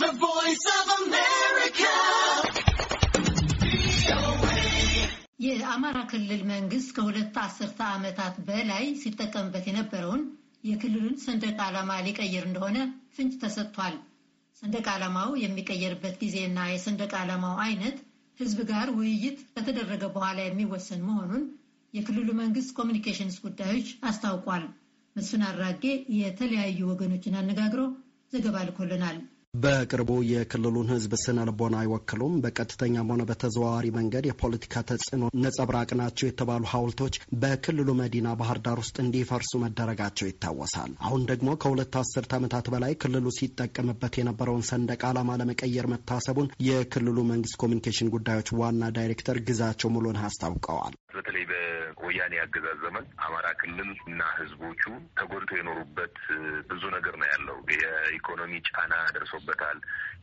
The Voice of America. የአማራ ክልል መንግስት ከሁለት አስርተ ዓመታት በላይ ሲጠቀምበት የነበረውን የክልሉን ሰንደቅ ዓላማ ሊቀይር እንደሆነ ፍንጭ ተሰጥቷል። ሰንደቅ ዓላማው የሚቀየርበት ጊዜና የሰንደቅ ዓላማው አይነት ህዝብ ጋር ውይይት ከተደረገ በኋላ የሚወሰን መሆኑን የክልሉ መንግስት ኮሚኒኬሽንስ ጉዳዮች አስታውቋል። መስፍን አራጌ የተለያዩ ወገኖችን አነጋግሮ ዘገባ ልኮልናል። በቅርቡ የክልሉን ህዝብ ስነ ልቦና አይወክሉም፣ በቀጥተኛም ሆነ በተዘዋዋሪ መንገድ የፖለቲካ ተጽዕኖ ነጸብራቅ ናቸው የተባሉ ሀውልቶች በክልሉ መዲና ባህር ዳር ውስጥ እንዲፈርሱ መደረጋቸው ይታወሳል። አሁን ደግሞ ከሁለት አስርት ዓመታት በላይ ክልሉ ሲጠቀምበት የነበረውን ሰንደቅ ዓላማ ለመቀየር መታሰቡን የክልሉ መንግስት ኮሚኒኬሽን ጉዳዮች ዋና ዳይሬክተር ግዛቸው ሙሉን አስታውቀዋል። በወያኔ አገዛዝ ዘመን አማራ ክልል እና ህዝቦቹ ተጎድቶ የኖሩበት ብዙ ነገር ነው ያለው። የኢኮኖሚ ጫና ደርሶበታል።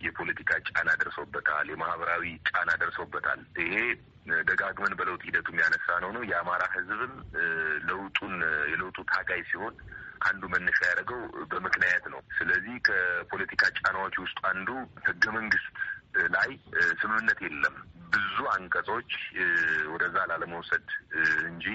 የፖለቲካ ጫና ደርሶበታል። የማህበራዊ ጫና ደርሶበታል። ይሄ ደጋግመን በለውጥ ሂደቱ የሚያነሳ ነው ነው የአማራ ህዝብም ለውጡን የለውጡ ታጋይ ሲሆን አንዱ መነሻ ያደረገው በምክንያት ነው። ስለዚህ ከፖለቲካ ጫናዎች ውስጥ አንዱ ህገ መንግስት ላይ ስምምነት የለም። ብዙ አንቀጾች ወደዛ ላለመውሰድ እንጂ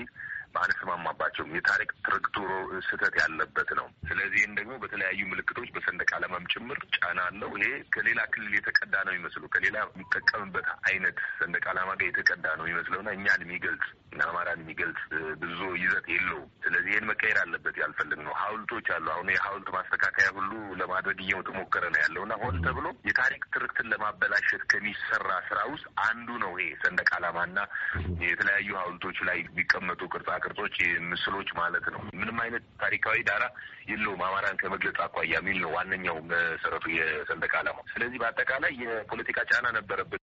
አልስማማባቸውም። የታሪክ ትርክቱሮ ስህተት ያለበት ነው። ስለዚህም ደግሞ በተለያዩ ምልክቶች በሰንደቅ ዓላማም ጭምር ጫና አለው። ይሄ ከሌላ ክልል የተቀዳ ነው ይመስሉ ከሌላ የሚጠቀምበት አይነት ሰንደቅ ዓላማ ጋር የተቀዳ ነው ይመስለውና እኛን የሚገልጽ አማራን የሚገልጽ ብዙ ይዘት የለውም። ስለዚህ ይህን መቀየር አለበት ያልፈልግ ነው። ሀውልቶች አሉ። አሁን የሀውልት ማስተካከያ ሁሉ ለማድረግ እየተሞከረ ነው ያለውና ሆን ተብሎ የታሪክ ትርክትን ለማበላሸት ከሚሰራ ስራ ውስጥ አንዱ ነው ይሄ ሰንደቅ ዓላማና የተለያዩ ሀውልቶች ላይ የሚቀመጡ ቅርጻ ቅርጾች፣ ምስሎች ማለት ነው። ምንም አይነት ታሪካዊ ዳራ የለውም አማራን ከመግለጽ አኳያ የሚል ነው ዋነኛው መሰረቱ የሰንደቅ አላማ ስለዚህ በአጠቃላይ የፖለቲካ ጫና ነበረበት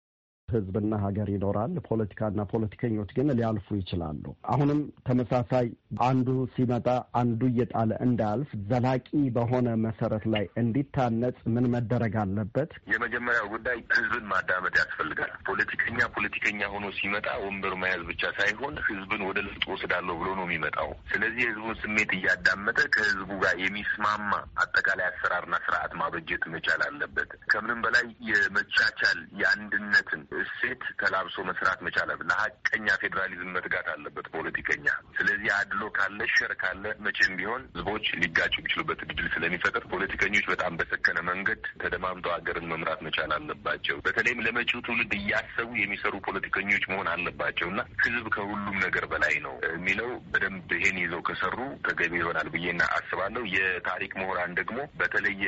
ህዝብና ሀገር ይኖራል። ፖለቲካና ፖለቲከኞች ግን ሊያልፉ ይችላሉ። አሁንም ተመሳሳይ አንዱ ሲመጣ አንዱ እየጣለ እንዳያልፍ ዘላቂ በሆነ መሰረት ላይ እንዲታነጽ ምን መደረግ አለበት? የመጀመሪያው ጉዳይ ህዝብን ማዳመጥ ያስፈልጋል። ፖለቲከኛ ፖለቲከኛ ሆኖ ሲመጣ ወንበር መያዝ ብቻ ሳይሆን ህዝብን ወደ ለውጥ ወስዳለሁ ብሎ ነው የሚመጣው። ስለዚህ የህዝቡን ስሜት እያዳመጠ ከህዝቡ ጋር የሚስማማ አጠቃላይ አሰራርና ስርዓት ማበጀት መቻል አለበት። ከምንም በላይ የመቻቻል የአንድነትን እሴት ተላብሶ መስራት መቻል አለ። ለሀቀኛ ፌዴራሊዝም መትጋት አለበት ፖለቲከኛ። ስለዚህ አድሎ ካለ ሸር ካለ መቼም ቢሆን ህዝቦች ሊጋጩ የሚችሉበት እድል ስለሚፈጥር ፖለቲከኞች በጣም በሰከነ መንገድ ተደማምጠው ሀገርን መምራት መቻል አለባቸው። በተለይም ለመጪው ትውልድ እያሰቡ የሚሰሩ ፖለቲከኞች መሆን አለባቸው እና ህዝብ ከሁሉም ነገር በላይ ነው የሚለው በደንብ ይሄን ይዘው ከሰሩ ተገቢ ይሆናል ብዬና አስባለሁ። የታሪክ ምሁራን ደግሞ በተለየ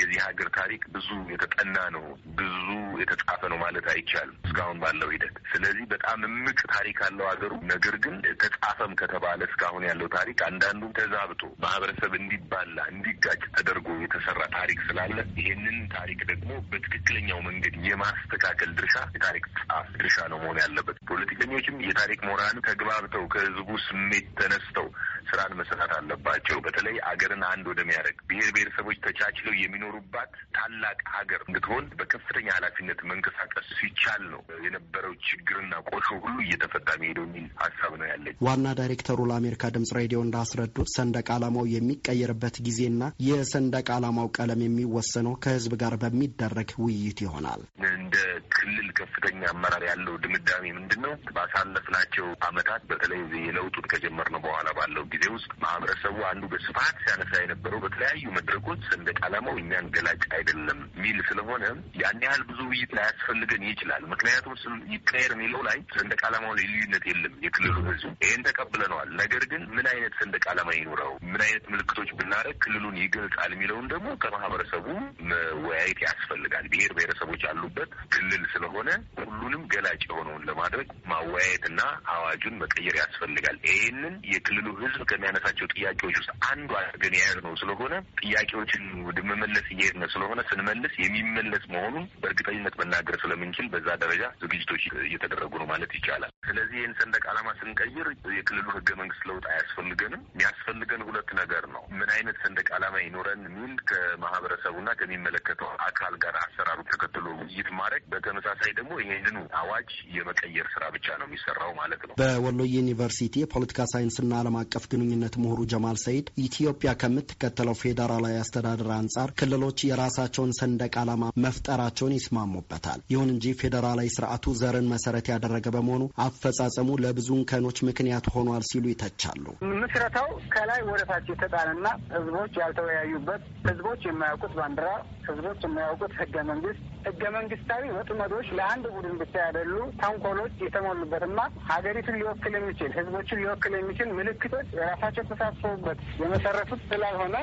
የዚህ ሀገር ታሪክ ብዙ የተጠና ነው ብዙ የተጻፈ ነው ማለት አይቻልም። እስካሁን ባለው ሂደት። ስለዚህ በጣም እምቅ ታሪክ አለው ሀገሩ። ነገር ግን ተጻፈም ከተባለ እስካሁን ያለው ታሪክ አንዳንዱም ተዛብቶ ማህበረሰብ እንዲባላ እንዲጋጭ ተደርጎ የተሰራ ታሪክ ስላለ ይህንን ታሪክ ደግሞ በትክክለኛው መንገድ የማስተካከል ድርሻ የታሪክ ጻፍ ድርሻ ነው መሆን ያለበት። ፖለቲከኞችም የታሪክ ምሁራን ተግባብተው ከህዝቡ ስሜት ተነስተው ስራን መሰራት አለባቸው። በተለይ አገርን አንድ ወደሚያደርግ ብሔር ብሔረሰቦች ተቻችለው የሚኖሩባት ታላቅ ሀገር እንድትሆን በከፍተኛ ኃላፊነት መንቀሳቀስ ሲቻል ነው የነበረው ችግርና ቆሾ ሁሉ እየተፈታ ሄደ የሚል ሀሳብ ነው ያለኝ። ዋና ዳይሬክተሩ ለአሜሪካ ድምጽ ሬዲዮ እንዳስረዱት ሰንደቅ ዓላማው የሚቀየርበት ጊዜና የሰንደቅ ዓላማው ቀለም የሚወሰነው ከህዝብ ጋር በሚደረግ ውይይት ይሆናል። እንደ ክልል ከፍተኛ አመራር ያለው ድምዳሜ ምንድን ነው? ባሳለፍናቸው አመታት በተለይ የለውጡን ከጀመርነው በኋላ ባለው ጊዜ ውስጥ ማህበረሰቡ አንዱ በስፋት ሲያነሳ የነበረው በተለያዩ መድረኮች ሰንደቅ ዓላማው እኛን ገላጭ አይደለም የሚል ስለሆነ ያን ያህል ብዙ ውይይት ላያስፈልገን ይችላል። ምክንያቱም ስም ይቀየር የሚለው ላይ ሰንደቅ ዓላማው ልዩነት የለም። የክልሉ ህዝብ ይህን ተቀብለነዋል። ነገር ግን ምን አይነት ሰንደቅ ዓላማ ይኑረው፣ ምን አይነት ምልክቶች ብናደረግ ክልሉን ይገልጻል የሚለውን ደግሞ ከማህበረሰቡ መወያየት ያስፈልጋል። ብሔር ብሔረሰቦች ያሉበት ክልል ስለሆነ ሁሉንም ገላጭ የሆነውን ለማድረግ ማወያየትና አዋጁን መቀየር ያስፈልጋል። ይህንን የክልሉ ህዝብ ከሚያነሳቸው ጥያቄዎች ውስጥ አንዱ አድርገን የያዝነው ስለሆነ ጥያቄዎችን ወደ መመለስ እየሄድን ስለሆነ ስንመልስ የሚመለስ መሆኑን በእርግጠኝነት መናገር ስለምንችል በዛ ደረጃ ዝግጅቶች እየተደረጉ ነው ማለት ይቻላል። ስለዚህ ይህን ሰንደቅ ዓላማ ስንቀይር የክልሉ ህገ መንግስት ለውጥ አያስፈልገንም። የሚያስፈልገን ሁለት ነገር ነው። ምን አይነት ሰንደቅ ዓላማ ይኖረን የሚል ከማህበረሰቡና ከሚመለከተው አካል ጋር አሰራሩ ተከትሎ ውይይት ማድረግ፣ በተመሳሳይ ደግሞ ይህንኑ አዋጅ የመቀየር ስራ ብቻ ነው የሚሰራው ማለት ነው። በወሎ ዩኒቨርሲቲ የፖለቲካ ሳይንስና ዓለም አቀፍ ግንኙነት ምሁሩ ጀማል ሰይድ ኢትዮጵያ ከምትከተለው ፌዴራላዊ አስተዳደር አንጻር ክልሎች የራሳቸውን ሰንደቅ ዓላማ መፍጠራቸውን ይስማሙበታል። ይሁን እንጂ ፌዴራል አጠቃላይ ስርዓቱ ዘርን መሰረት ያደረገ በመሆኑ አፈጻጸሙ ለብዙ እንከኖች ምክንያት ሆኗል ሲሉ ይተቻሉ። ምስረታው ከላይ ወደታች የተጣለና ህዝቦች ያልተወያዩበት፣ ህዝቦች የማያውቁት ባንዲራ፣ ህዝቦች የማያውቁት ህገ መንግስት፣ ህገ መንግስታዊ ወጥመዶች ለአንድ ቡድን ብቻ ያደሉ ተንኮሎች የተሞሉበትና ሀገሪቱን ሊወክል የሚችል ህዝቦችን ሊወክል የሚችል ምልክቶች የራሳቸው ተሳትፈውበት የመሰረቱት ስላልሆነ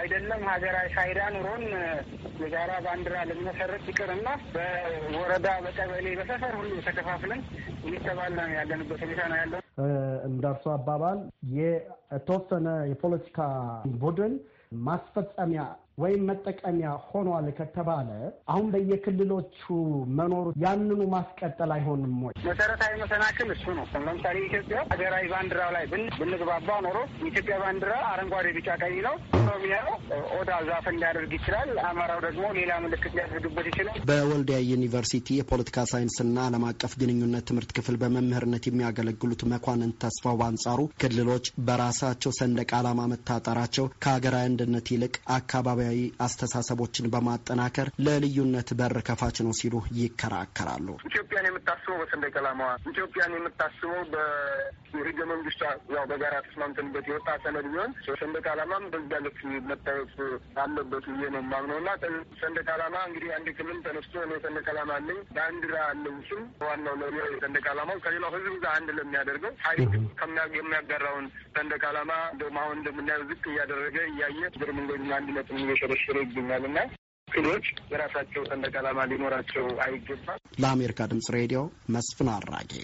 አይደለም ሀገራዊ ፋይዳ ኑሮን የጋራ ባንዲራ ልንመሰረት ይቅርና በወረዳ በቀበሌ በሰፈር ሁሉ ተከፋፍለን እየተባለ ነው ያለንበት ሁኔታ ነው ያለው። እንዳርሶ አባባል የተወሰነ የፖለቲካ ቡድን ማስፈጸሚያ ወይም መጠቀሚያ ሆኗል ከተባለ አሁን በየክልሎቹ መኖሩ ያንኑ ማስቀጠል አይሆንም ወይ? መሰረታዊ መሰናክል እሱ ነው። ለምሳሌ ኢትዮጵያ ሀገራዊ ባንዲራ ላይ ብንግባባ ኖሮ የኢትዮጵያ ባንዲራ አረንጓዴ፣ ቢጫ፣ ቀይ ነው። ኦሮሚያ ኦዳ ዛፍ እንዲያደርግ ይችላል። አማራው ደግሞ ሌላ ምልክት ሊያደርግበት ይችላል። በወልዲያ ዩኒቨርሲቲ የፖለቲካ ሳይንስና ዓለም አቀፍ ግንኙነት ትምህርት ክፍል በመምህርነት የሚያገለግሉት መኳንንት ተስፋው በአንጻሩ ክልሎች በራሳቸው ሰንደቅ ዓላማ መታጠራቸው ከሀገራዊ አንድነት ይልቅ አካባቢ ማህበራዊ አስተሳሰቦችን በማጠናከር ለልዩነት በር ከፋች ነው ሲሉ ይከራከራሉ። ኢትዮጵያን የምታስበው በሰንደቅ ዓላማዋ፣ ኢትዮጵያን የምታስበው በህገ መንግስቷ ያው በጋራ ተስማምተንበት የወጣ ሰነድ ቢሆን ሰንደቅ ዓላማም በዛ ልክ መታየት አለበት ብዬ ነው የማምነው እና ሰንደቅ ዓላማ እንግዲህ አንድ ክልል ተነስቶ እኔ ሰንደቅ ዓላማ አለኝ ባንዲራ አለኝ ስም ዋናው ለብሔራዊ ሰንደቅ ዓላማው ከሌላው ህዝብ ጋር አንድ ለሚያደርገው ሀይል የሚያጋራውን ሰንደቅ ዓላማ እንደውም አሁን እንደምናየው ዝቅ እያደረገ እያየ ጀርመንና አንድነትን እየሸረሸረ ይገኛል እና ክሎች የራሳቸው ሰንደቅ ዓላማ ሊኖራቸው አይገባም። ለአሜሪካ ድምጽ ሬዲዮ መስፍን አራጌ